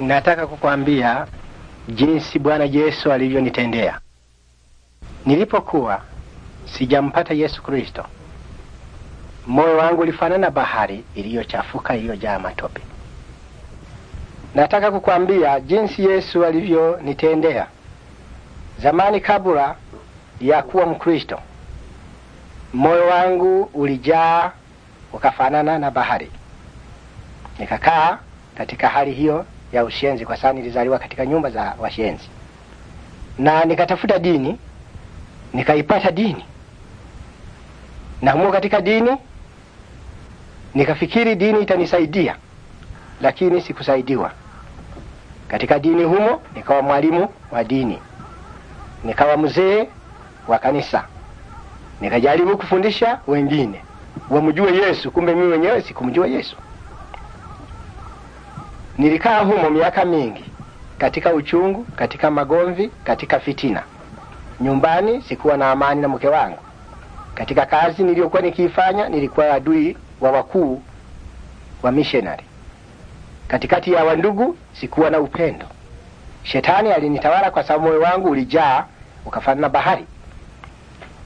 nataka kukwambia jinsi Bwana Yesu alivyonitendea. Nilipokuwa sijampata Yesu Kristo, moyo wangu ulifanana bahari iliyochafuka iliyojaa matope. Nataka kukwambia jinsi Yesu alivyonitendea zamani, kabla ya kuwa Mkristo. Moyo wangu ulijaa ukafanana na bahari, nikakaa katika hali hiyo ya ushenzi, kwa sababu nilizaliwa katika nyumba za washenzi, na nikatafuta dini, nikaipata dini, na humo katika dini nikafikiri dini itanisaidia, lakini sikusaidiwa katika dini humo. Nikawa mwalimu wa dini, nikawa mzee wa kanisa, nikajaribu kufundisha wengine wamjue Yesu, kumbe mimi mwenyewe sikumjua Yesu. Nilikaa humo miaka mingi katika uchungu, katika magomvi, katika fitina. Nyumbani sikuwa na amani na mke wangu. Katika kazi niliyokuwa nikiifanya nilikuwa adui wa wakuu wa mishonari Katikati ya wandugu sikuwa na upendo. Shetani alinitawala kwa sababu moyo wangu ulijaa ukafanana bahari.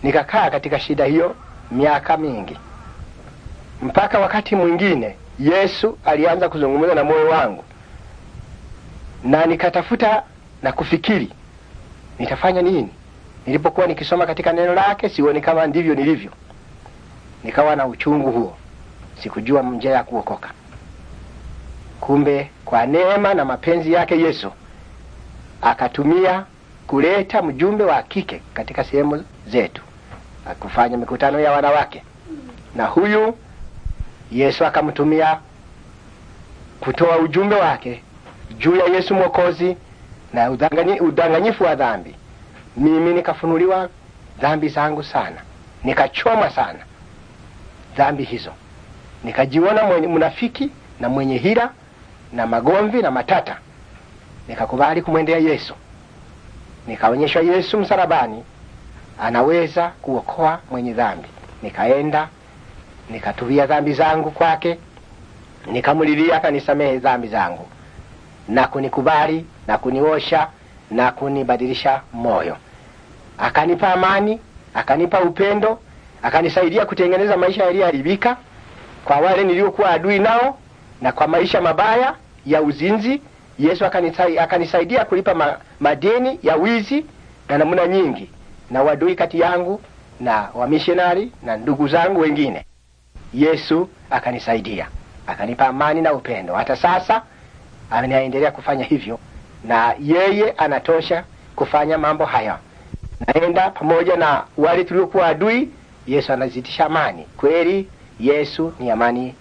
Nikakaa katika shida hiyo miaka mingi, mpaka wakati mwingine Yesu alianza kuzungumza na moyo wangu na nikatafuta na kufikiri nitafanya nini. Nilipokuwa nikisoma katika neno lake, sioni kama ndivyo nilivyo. Nikawa na uchungu huo, sikujua njia ya kuokoka. Kumbe kwa neema na mapenzi yake Yesu akatumia kuleta mjumbe wa kike katika sehemu zetu, akufanya mikutano ya wanawake na huyu Yesu akamtumia kutoa ujumbe wake juu ya Yesu Mwokozi na udanganyifu wa dhambi. Mimi nikafunuliwa dhambi zangu sana, nikachoma sana dhambi hizo, nikajiona mwenye mnafiki na mwenye hila na magomvi na matata. Nikakubali kumwendea Yesu, nikaonyeshwa Yesu msalabani anaweza kuokoa mwenye dhambi. Nikaenda nikatubia dhambi zangu kwake, nikamulilia akanisamehe dhambi zangu na kunikubali na kuniosha na kunibadilisha moyo, akanipa amani, akanipa upendo, akanisaidia kutengeneza maisha yaliyoharibika kwa wale niliokuwa adui nao na kwa maisha mabaya ya uzinzi. Yesu akanisaidia, akanisaidia kulipa ma, madeni ya wizi na namna nyingi na wadui kati yangu na wamishonari na ndugu zangu wengine. Yesu akanisaidia akanipa amani na upendo. Hata sasa anaendelea kufanya hivyo, na yeye anatosha kufanya mambo haya. Naenda pamoja na wale tuliokuwa adui, Yesu anazidisha amani. Kweli Yesu ni amani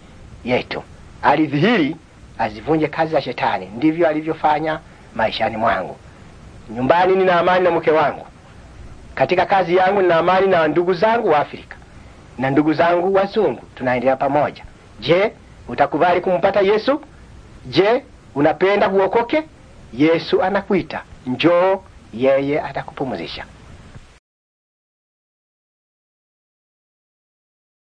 yetu. Alidhihiri azivunje kazi za Shetani, ndivyo alivyofanya maishani mwangu. Nyumbani nina amani na mke wangu, katika kazi yangu nina amani na ndugu zangu wa Afrika na ndugu zangu wazungu tunaendelea pamoja. Je, utakubali kumpata Yesu? Je, unapenda uokoke? Yesu anakuita, njoo, yeye atakupumzisha.